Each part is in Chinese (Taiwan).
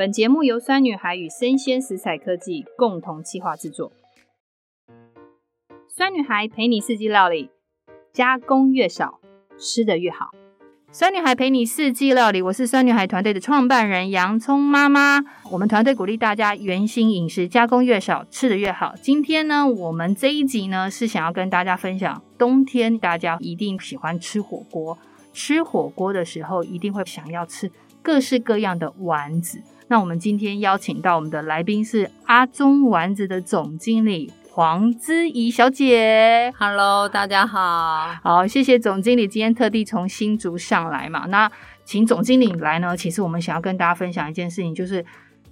本節目由酸女孩與聲鮮時采科技共同企劃製作。酸女孩陪你四季料理，加工越少，吃得越好。酸女孩陪你四季料理，我是酸女孩團隊的創辦人洋蔥媽媽。我們團隊鼓勵大家原型飲食，加工越少，吃得越好。今天呢，我們這一集呢是想要跟大家分享，冬天大家一定喜歡吃火鍋，吃火鍋的時候一定會想要吃各式各樣的丸子。那我們今天邀請到我們的來賓是阿中丸子的總經理黃之沂小姐。Hello，大家好，好，謝謝總經理今天特地從新竹上來嘛。那請總經理來呢，其實我們想要跟大家分享一件事情，就是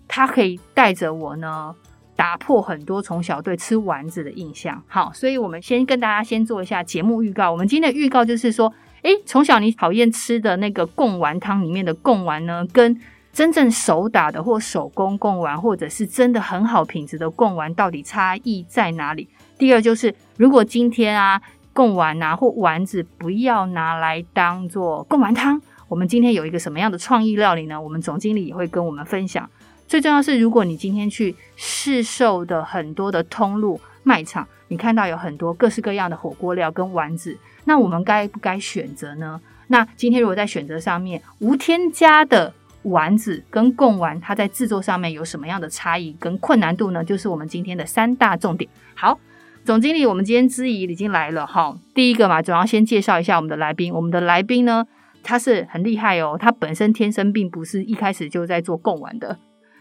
他可以帶着我呢打破很多從小對吃丸子的印象。好，所以我們先跟大家先做一下節目預告。我們今天的預告就是說，誒，從小你討厭吃的那個貢丸湯裡面的貢丸呢，跟真正手打的或手工貢丸，或者是真的很好品質的貢丸，到底差異在哪裡？第二就是，如果今天啊貢丸啊或丸子不要拿來當做貢丸湯，我們今天有一個什麼樣的創意料理呢？我們總經理也會跟我們分享。最重要是，如果你今天去市售的很多的通路賣場，你看到有很多各式各樣的火鍋料跟丸子，那我們該不該選擇呢？那今天如果在選擇上面無添加的。丸子跟貢丸，它在製作上面有什麼樣的差異跟困難度呢？就是我們今天的三大重點。好，總經理，我們今天之沂已經來了哈。第一個嘛，總要先介紹一下我們的來賓。我們的來賓呢，他是很厲害哦，他本身天生並不是一開始就在做貢丸的，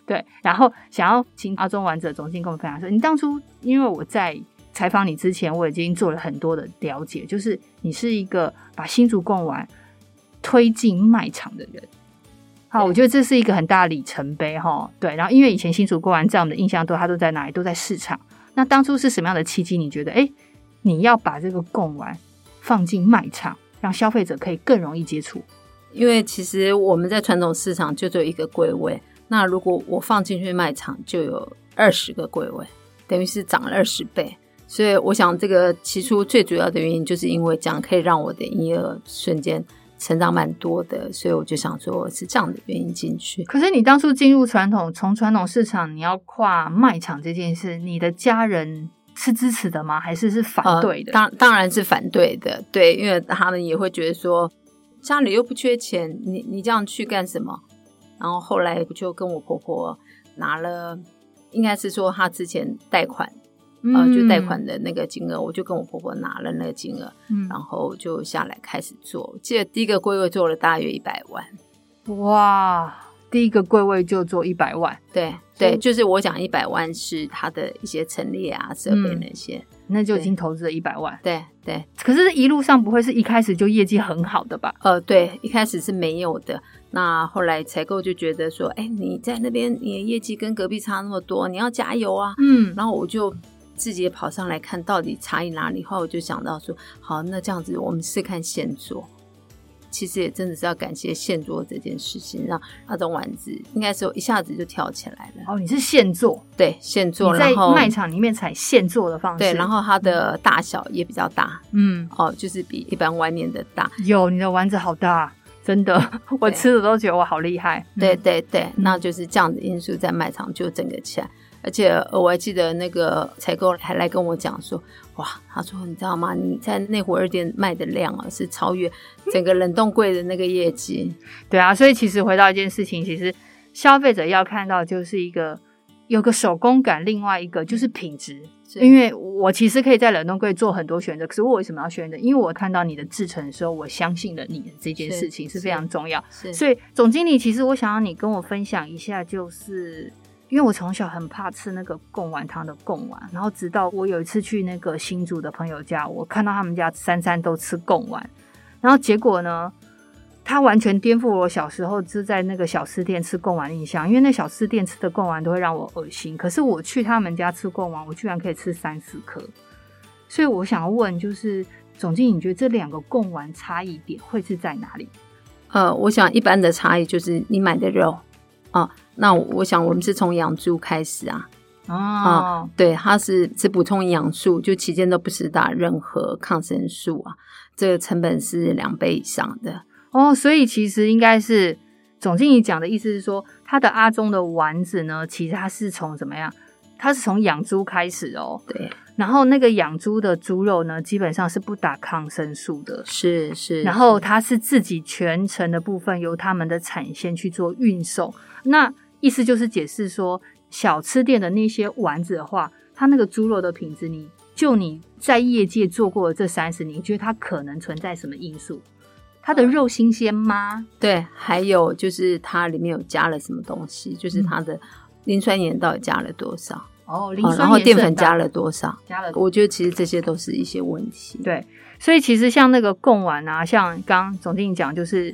對。然後想要請阿中丸子的總經理跟我們分享說，你當初因為我在採訪你之前，我已經做了很多的了解，就是你是一個把新竹貢丸推進賣場的人。好，我覺得這是一個很大的里程碑哈。對，對，對，然後因為以前新竹貢丸在我們的印象都它都在哪裡，都在市場。那當初是什麼樣的契機？你覺得，誒你要把這個貢丸放進賣場，讓消費者可以更容易接觸？因為其實我們在傳統市場就只有一個櫃位，那如果我放進去賣場，就有二十個櫃位，等於是漲了二十倍。所以我想，這個起初最主要的原因，就是因為這樣可以讓我的營業額瞬間。成長蠻多的，所以我就想說，是這樣的原因進去。可是你當初進入傳統，從傳統市場，你要跨賣場這件事，你的家人是支持的嗎？還是是反對的？呃、當當然是反對的，對，因為他們也會覺得說，家裡又不缺錢，你你這樣去幹什麼？然後後來我就跟我婆婆拿了，應該是說她之前貸款。呃，就貸款的那個金額，我就跟我婆婆拿了那個金額，然後就下來開始做。記得第一個櫃位做了大約一百萬，哇，第一個櫃位就做一百萬，對對，就是我講一百萬是它的一些陳列啊、設備那些，那就已經投資了一百萬，對對。可是一路上不會是一開始就業績很好的吧？呃，對，一開始是沒有的。那後來採購就覺得說，哎，你在那邊你的業績跟隔壁差那麼多，你要加油啊。嗯，然後我就。自己也跑上來看到底差異哪裡，後我就想到說，好，那這樣子我們試看現做。其實也真的是要感謝現做這件事情，讓那種丸子應該是一下子就跳起來了。哦，你是現做。對，現做。你在賣場裡面採現做的方式，對，然後它的大小也比較大，嗯，哦，就是比一般外面的大。喲，你的丸子好大。真的，我吃的都覺得我好厲害。對啊，嗯，對對對，那就是這樣的因素在賣場就整個起來，而且我還記得那個採購還來跟我講說：“哇，他說你知道嗎？你在內湖二店賣的量啊，是超越整個冷凍櫃的那個業績。”對啊，所以其實回到一件事情，其實消費者要看到就是一個有個手工感，另外一個就是品質。因為我其實可以在冷凍櫃做很多選擇，可是我為什麼要選擇？因為我看到你的製程的時候，我相信了你這件事情是非常重要。所以總經理，其實我想要你跟我分享一下，就是因為我從小很怕吃那個貢丸湯的貢丸，然後直到我有一次去那個新竹的朋友家，我看到他們家三餐都吃貢丸，然後結果呢？它完全顛覆我小時候是在那個小吃店吃貢丸印象，因為那小吃店吃的貢丸都會讓我惡心。可是我去他們家吃貢丸，我居然可以吃三四顆。所以我想要問，就是總經理，你覺得這兩個貢丸差異點會是在哪裡？呃，我想一般的差異就是你買的肉啊、呃。那我，我想我們是從養豬開始啊。哦、嗯呃，對，它是只補充營養素，就期間都不施打任何抗生素啊。這個成本是兩倍以上的。哦，所以其實應該是總經理講的意思是說，他的阿中的丸子呢，其實他是從怎麼樣？他是從養豬開始哦。對。然後那個養豬的豬肉呢，基本上是不打抗生素的。是是。是然後他是自己全程的部分由他們的產線去做運送。那意思就是解釋說，小吃店的那些丸子的話，它那個豬肉的品質你，你就你在業界做過這三十年，你覺得它可能存在什麼因素？它的肉新鮮嗎？對，還有就是它裡面有加了什麼東西？嗯、就是它的磷酸鹽到底加了多少？哦，磷酸鹽，然後澱粉加了多少？加了，我覺得其實這些都是一些問題。對，所以其實像那個貢丸啊，像剛剛總經理講，就是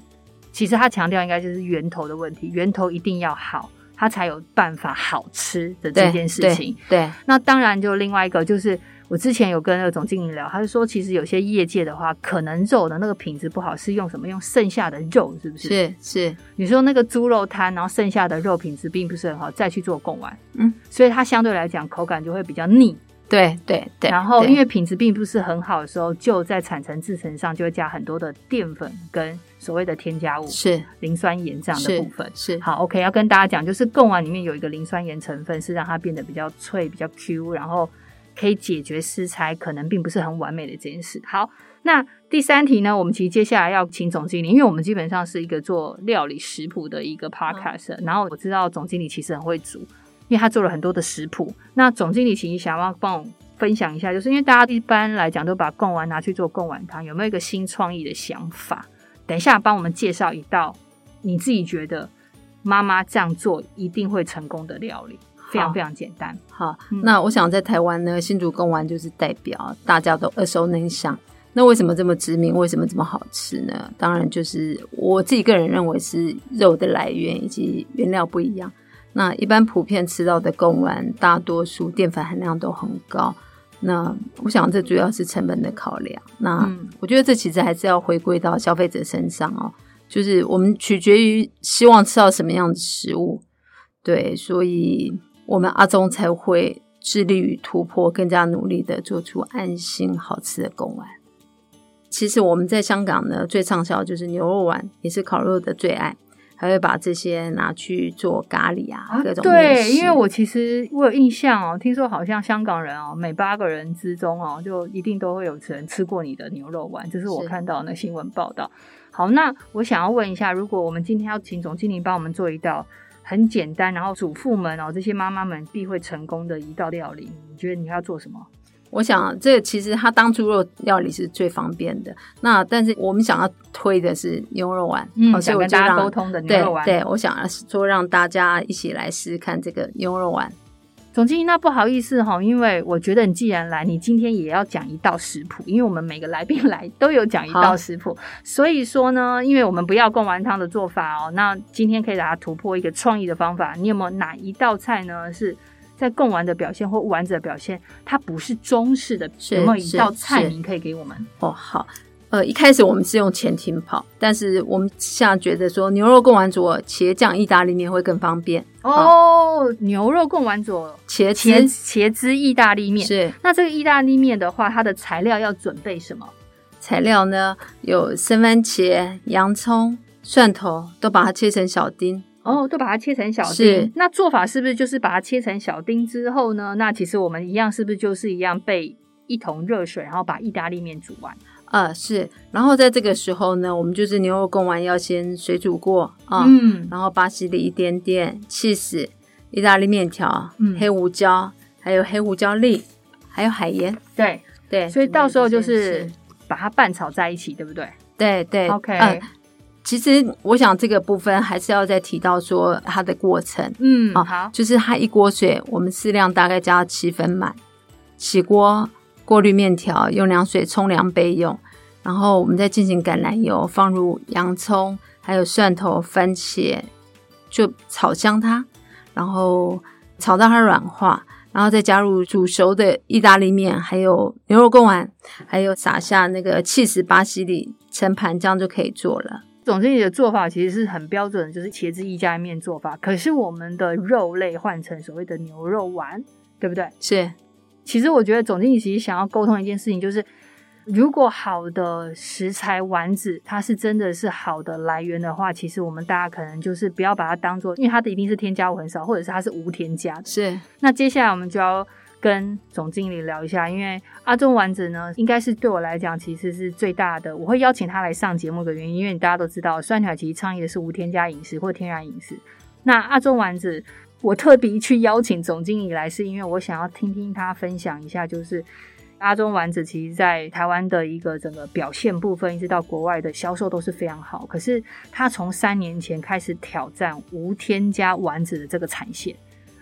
其實他強調應該就是源頭的問題，源頭一定要好，它才有辦法好吃的這件事情。對，對對，那當然就另外一個就是。我之前有跟那個總經理聊，他就說，其實有些業界的話，可能肉的那個品質不好，是用什麼用剩下的肉，是不是？是是。是你說那個豬肉攤，然後剩下的肉品質並不是很好，再去做貢丸，嗯，所以它相對來講口感就會比較膩。對對對。然後對因為品質並不是很好的時候，就在產成製程上就會加很多的澱粉跟所謂的添加物，是磷酸鹽這樣的部分。是，是。好 OK，要跟大家講，就是貢丸裡面有一個磷酸鹽成分，是讓它變得比較脆、比較 Q，然後。可以解決食材可能並不是很完美的這件事。好，那第三題呢？我們其實接下來要請總經理，因為我們基本上是一個做料理食譜的一個 podcast。嗯。然後我知道總經理其實很會煮，因為他做了很多的食譜。那總經理其實想要幫我分享一下，就是因為大家一般來講都把貢丸拿去做貢丸湯，有沒有一個新創意的想法？等一下幫我們介紹一道你自己覺得媽媽這樣做一定會成功的料理。好非常非常簡單。好，嗯、那我想在台灣呢，新竹貢丸就是代表大家都耳熟能詳。那為什麼這麼知名？為什麼這麼好吃呢？當然，就是我自己個人認為是肉的來源以及原料不一樣。嗯、那一般普遍吃到的貢丸，大多數澱粉含量都很高。那我想這主要是成本的考量。那我覺得這其實還是要回歸到消費者身上哦，就是我們取決於希望吃到什麼樣的食物。對，所以。我們阿中才會致力於突破，更加努力的做出安心好吃的貢丸。其實我們在香港呢，最暢銷就是牛肉丸，也是烤肉的最愛，還會把這些拿去做咖喱啊，啊各種。對，因為我其實我有印象哦，聽說好像香港人哦，每八個人之中哦，就一定都會有人吃過你的牛肉丸，這是我看到的那新聞報道。好，那我想要問一下，如果我們今天要請總經理幫我們做一道。很簡單，然後主婦們哦，這些媽媽們必會成功的一道料理，你覺得你要做什麼？我想，這個、其實它當豬肉料理是最方便的。那但是我們想要推的是牛肉丸，嗯、我讓想跟大家溝通的牛肉丸，對，對我想要說讓大家一起來試試看這個牛肉丸。總經理，那不好意思哈，因為我覺得你既然來，你今天也要講一道食譜，因為我們每個來賓來都有講一道食譜，好所以說呢，因為我們不要貢丸湯的做法哦，那今天可以給大家突破一個創意的方法，你有沒有哪一道菜呢是在貢丸的表現或丸子的表現，它不是中式的，是有沒有一道菜名可以給我們？哦，好。呃，一開始我們是用前浸泡，但是我們現在覺得說牛肉貢丸煮，茄醬意大利麵會更方便哦。牛肉貢丸煮，茄子茄子茄汁意大利麵是。那這個意大利麵的話，它的材料要準備什麼材料呢？有生番茄、洋蔥、蒜頭，都把它切成小丁。哦，都把它切成小丁。是那做法是不是就是把它切成小丁之後呢？那其實我們一樣，是不是就是一樣備一桶熱水，然後把意大利麵煮完？呃、嗯，是，然後在這個時候呢，我們就是牛肉貢丸要先水煮過啊，嗯，嗯然後巴西里一點點起司意大利麵條，嗯，黑胡椒，還有黑胡椒粒，還有海鹽，對對，對對，所以到時候就是、是把它拌炒在一起，對不對？對對，OK，嗯，其實我想這個部分還是要再提到說它的過程，嗯，嗯，好，就是它一鍋水，我們適量大概加七分滿，起鍋過濾麵條，用涼水沖涼備用。然後我們再進行橄欖油，放入洋蔥，還有蒜頭、番茄，就炒香它，然後炒到它軟化，然後再加入煮熟的意大利麵，還有牛肉貢丸，還有撒下那個起司巴西里，盛盤這樣就可以做了。總經理的做法其實是很標準的，就是茄子一加一麵做法，可是我們的肉類換成所謂的牛肉丸，對不對？是。其實我覺得總經理其實想要溝通一件事情，就是。如果好的食材丸子，它是真的是好的來源的話，其實我們大家可能就是不要把它當做，因為它的一定是添加物很少，或者是它是無添加的。是。那接下來我們就要跟總經理聊一下，因為阿中丸子呢，應該是對我來講其實是最大的。我會邀請他來上節目的原因，因為大家都知道，酸女孩其實倡議的是無添加飲食或天然飲食。那阿中丸子，我特別去邀請總經理來，是因為我想要聽聽他分享一下，就是。阿中丸子其實在台灣的一個整個表現部分，一直到國外的銷售都是非常好。可是他從三年前開始挑戰無添加丸子的這個產線，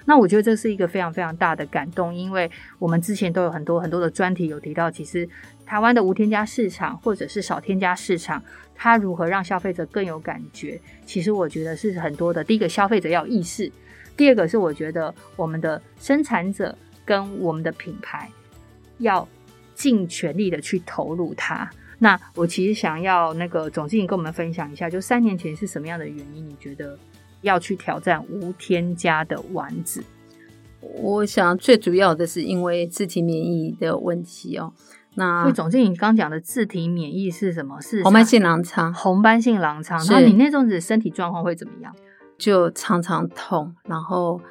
那我覺得這是一個非常非常大的感動，因為我們之前都有很多很多的專題有提到，其實台灣的無添加市場或者是少添加市場，它如何讓消費者更有感覺，其實我覺得是很多的。第一個，消費者要意識；第二個是，我覺得我們的生產者跟我們的品牌。要盡全力的去投入它。那我其實想要那個總經理跟我們分享一下，就三年前是什麼樣的原因，你覺得要去挑戰無添加的丸子？我想最主要的是因為自體免疫的問題哦。那總經理剛講的自體免疫是什麼？是紅斑性狼瘡。紅斑性狼瘡，那是你那種子身體狀況會怎麼樣？就常常痛，然後。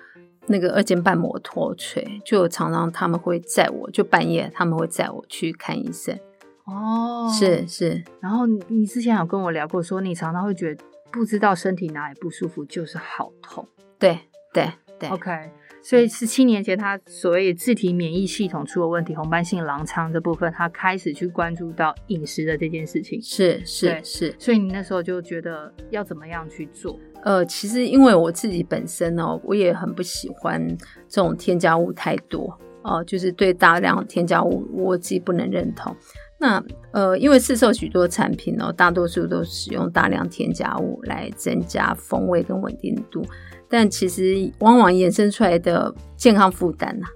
那個二尖瓣膜脫垂，就常常他們會載我，就半夜他們會載我去看醫生。哦，是是。是，然後你之前有跟我聊過，說你常常會覺得不知道身體哪裡不舒服，就是好痛。對對對。對對 OK。所以十七年前，他所謂自體免疫系統出了問題，紅斑性狼瘡這部分，他開始去關注到飲食的這件事情。是是是。是，對，是，所以你那時候就覺得要怎麼樣去做？呃，其實因為我自己本身呢、喔，我也很不喜歡這種添加物太多哦、呃，就是對大量添加物我自己不能認同。那呃，因為市售許多產品呢、喔，大多數都使用大量添加物來增加風味跟穩定度。但其實往往衍生出來的健康負擔、啊、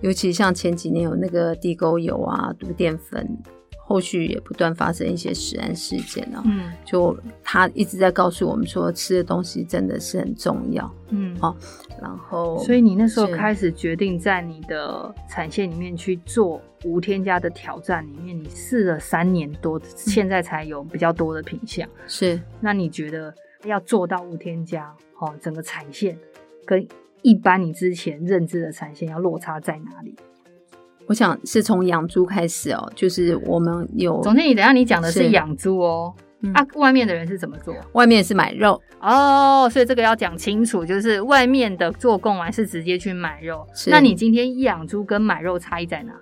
尤其像前幾年有那個地溝油啊、毒澱粉，後續也不斷發生一些食安事件啊，嗯，就他一直在告訴我們說，吃的東西真的是很重要。嗯、啊，然後所以你那時候開始決定在你的產線裡面去做無添加的挑戰，裡面你試了三年多，嗯、現在才有比較多的品項。是，那你覺得要做到無添加，哦，整個產線跟一般你之前認知的產線要落差在哪裡？我想是從養豬開始哦，就是我們有總經理，等一下你講的是養豬哦。是嗯、啊，外面的人是怎麼做？外面是買肉哦，所以這個要講清楚，就是外面的做貢丸，是直接去買肉。是那你今天養豬跟買肉差異在哪？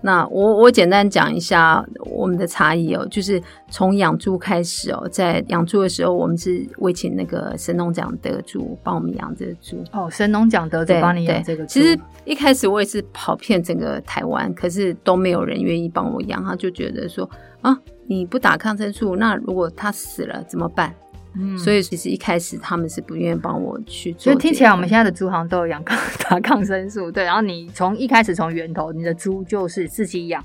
那我我簡單講一下我們的差異喔，就是從養豬開始喔，在養豬的時候，我們是會請那個神農獎得主幫我們養這個豬哦，神農獎得主幫你養這個豬。對，對，其實一開始我也是跑遍整個台灣，可是都沒有人願意幫我養，他就覺得說啊，你不打抗生素，那如果他死了怎麼辦？嗯、所以其實一開始他們是不願意幫我去做，這個，就聽起來我們現在的豬好像都有養抗打抗生素，對，然後你從一開始從源頭，你的豬就是自己養，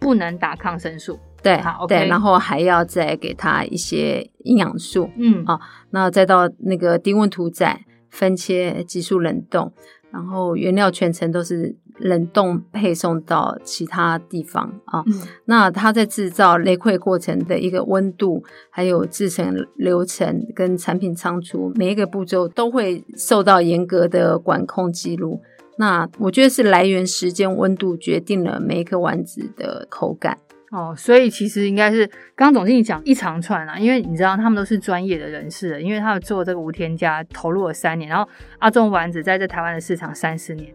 不能打抗生素，對，好，okay，對，然後還要再給他一些營養素，嗯，啊、哦，那再到那個低溫屠宰、分切、急速冷凍，然後原料全程都是。冷凍配送到其他地方啊。嗯，那他在製造擂潰過程的一個溫度，還有製成流程跟產品倉儲每一個步驟都會受到嚴格的管控記錄。那我覺得是來源時間溫度決定了每一個丸子的口感。哦，所以其實應該是剛剛總經理講一長串啊，因為你知道他們都是專業的人士，因為他們做這個無添加投入了三年，然後阿中丸子在這台灣的市場三十年。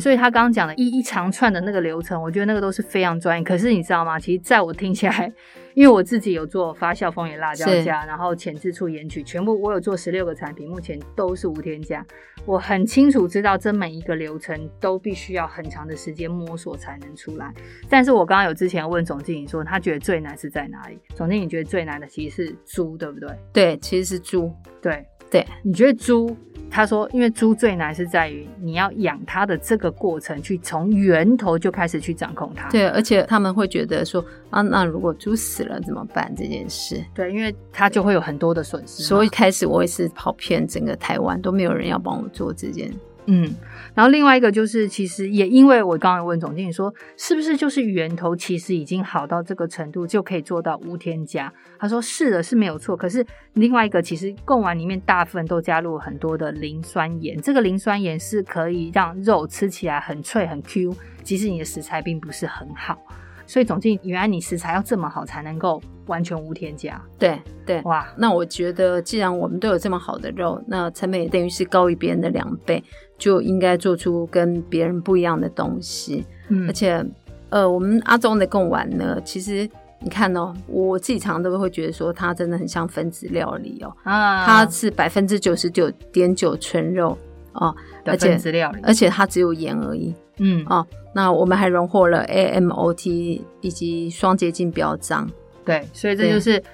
所以他剛剛講的一一長串的那個流程，我覺得那個都是非常專業。可是你知道嗎？其實在我聽起來，因為我自己有做發酵風味辣椒醬是然後前置處、鹽曲，全部我有做十六個產品，目前都是無添加。我很清楚知道，這每一個流程都必須要很長的時間摸索才能出來。但是我剛剛有之前問總經理說，他覺得最難是在哪裡？總經理覺得最難的其實是豬，對不對？對，其實是豬。對對，你覺得豬？他說：“因為豬最難是在於你要養它的這個過程，去從源頭就開始去掌控它。對，而且他們會覺得說啊，那如果豬死了怎麼辦這件事？對，因為它就會有很多的損失。所以開始我也是跑遍整個台灣，都沒有人要幫我做這件。”嗯，然後另外一個就是，其實也因為我剛剛問總經理說，是不是就是源頭其實已經好到這個程度就可以做到無添加？他說是的，是沒有錯。可是另外一個，其實貢丸裡面大部分都加入了很多的磷酸鹽，這個磷酸鹽是可以讓肉吃起來很脆很 Q。其實你的食材並不是很好，所以總經理，原來你食材要這麼好才能夠。完全無添加，對對，對哇！那我覺得，既然我們都有這麼好的肉，那成本也等於是高於別人的兩倍，就應該做出跟別人不一樣的東西。嗯、而且，呃，我們阿中的貢丸呢，其實你看哦、喔，我自己常常都會覺得說，它真的很像分子料理哦、喔。啊，它是百分之九十九點九純肉哦，呃、對而且分子料理，而且它只有鹽而已。嗯，哦、呃，那我們還榮獲了 AMOT 以及雙潔淨標章。對，所以這就是，對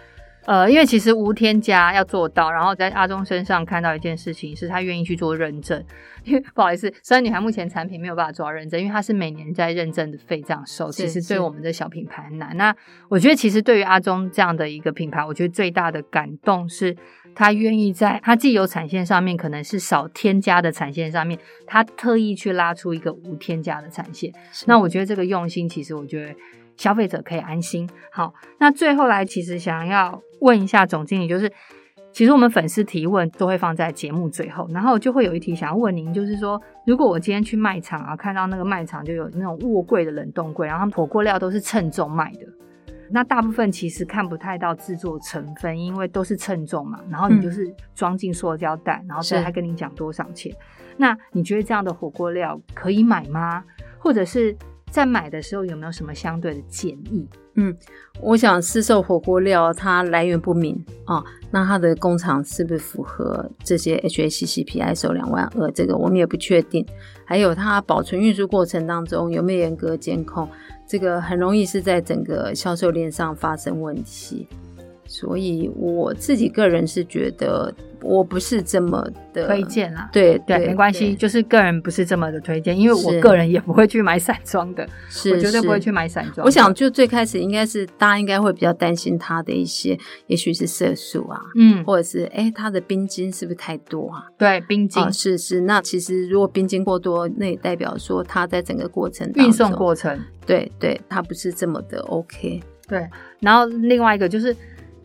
呃，因為其實無添加要做到，然後在阿中身上看到一件事情是，他願意去做認證。因為不好意思，酸女孩目前產品沒有辦法做到認證，因為它是每年在認證的費這樣收，是是其實對我們的小品牌很難。那我覺得，其實對於阿中這樣的一個品牌，我覺得最大的感動是他願意在他既有產線上面，可能是少添加的產線上面，他特意去拉出一個無添加的產線。的那我覺得這個用心，其實我覺得。消費者可以安心。好，那最後來，其實想要問一下總經理，就是其實我們粉絲提問都會放在節目最後，然後就會有一題想要問您，就是說，如果我今天去賣場啊，看到那個賣場就有那種臥櫃的冷凍櫃，然後他們火鍋料都是稱重賣的，那大部分其實看不太到製作成分，因為都是稱重嘛，然後你就是裝進塑膠袋，嗯、然後所以他跟你講多少錢。是那你覺得這樣的火鍋料可以買嗎？或者是？在買的時候有沒有什麼相對的建議？嗯，我想市售火鍋料它來源不明啊，哦，那它的工廠是不是符合這些 HACCP ISO 兩萬二？這個我們也不確定。還有它保存運輸過程當中有沒有嚴格監控？這個很容易是在整個銷售鏈上發生問題。所以我自己個人是覺得，我不是這麼的推薦了。對對，沒關係，就是個人不是這麼的推薦，因為我個人也不會去買散裝的，是，我絕對不會去買散裝。我想，就最開始應該是大家應該會比較擔心它的一些，也許是色素啊，嗯，或者是哎它的冰晶是不是太多啊？對，冰晶是是。那其實如果冰晶過多，那也代表說它在整個過程運送過程，對對，它不是這麼的 OK。對，然後另外一個就是。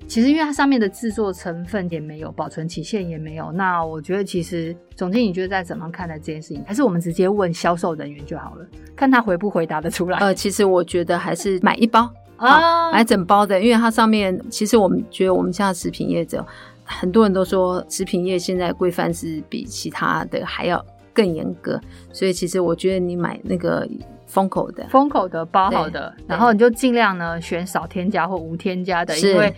其實，因為它上面的製作成分也沒有，保存期限也沒有，那我覺得其實總經理覺得在怎麼看待這件事情，還是我們直接問銷售人員就好了，看他回不回答得出來。呃，其實我覺得還是買一包、 哦、啊，買整包的，因為它上面其實我們覺得我們現在食品業者很多人都說，食品業現在規範是比其他的還要更嚴格，所以其實我覺得你買那個封口的，封口的包好的，對然後你就盡量呢選少添加或無添加的，是因為。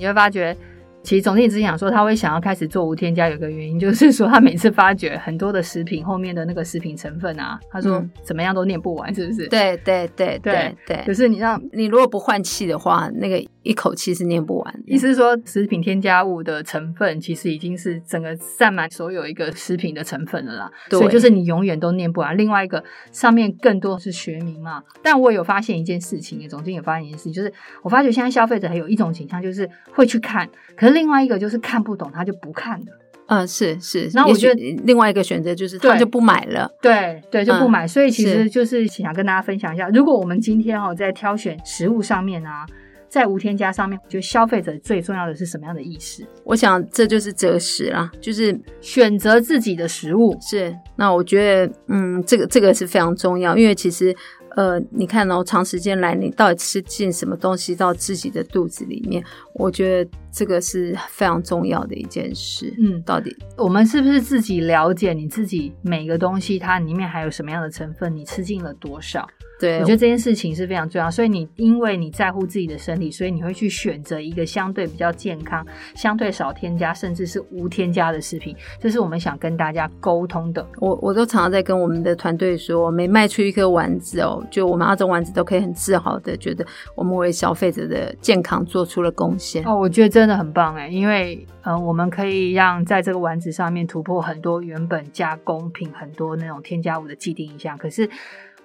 你會發覺，其實總經理之前想說他會想要開始做無添加，有個原因就是說他每次發覺很多的食品後面的那個食品成分啊，他說怎麼樣都念不完，嗯、是不是？對對對對對。可是你讓你如果不換氣的話，那個。一口氣是念不完的，意思是說，食品添加物的成分其實已經是整個占滿所有一個食品的成分了啦。對所以就是你永遠都念不完。另外一個上面更多是學名嘛。但我有發現一件事情，也總經理也發現一件事情，就是我發覺現在消費者還有一種傾向，就是會去看，可是另外一個就是看不懂，他就不看。嗯，是是。那我覺得另外一個選擇就是他就不買了。對對，對，就不買。嗯，所以其實就是想跟大家分享一下，是如果我們今天哦在挑選食物上面啊。在無添加上面，就消費者最重要的是什麼樣的意識？我想這就是擇食啦，就是選擇自己的食物。是，那我覺得，嗯，這個這個是非常重要，因為其實，呃，你看哦，長時間來，你到底吃進什麼東西到自己的肚子裡面？我覺得。這個是非常重要的一件事，嗯，到底我們是不是自己了解你自己每個東西它裡面還有什麼樣的成分，你吃進了多少？對，我覺得這件事情是非常重要，所以你因為你在乎自己的身體，所以你會去選擇一個相對比較健康、相對少添加甚至是無添加的食品，這是我們想跟大家溝通的。我我都常常在跟我們的團隊說，我每賣出一顆丸子哦，就我們阿中丸子都可以很自豪的覺得我們為消費者的健康做出了貢獻。哦，我覺得這。真的很棒哎！因為嗯、呃，我們可以讓在這個丸子上面突破很多原本加工品很多那種添加物的既定印象。可是，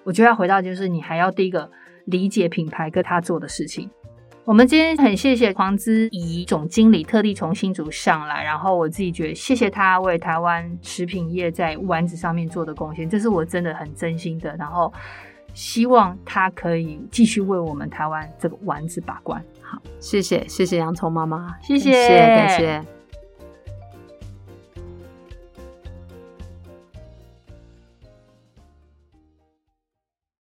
我覺得要回到，就是你還要第一個理解品牌跟他做的事情。我們今天很謝謝黃之沂總經理特地從新竹上來，然後我自己覺得謝謝他為台灣食品業在丸子上面做的貢獻，這是我真的很真心的。然後希望他可以繼續為我們台灣這個丸子把關。好，謝謝，謝謝洋蔥媽媽，謝謝，感謝，謝。謝謝。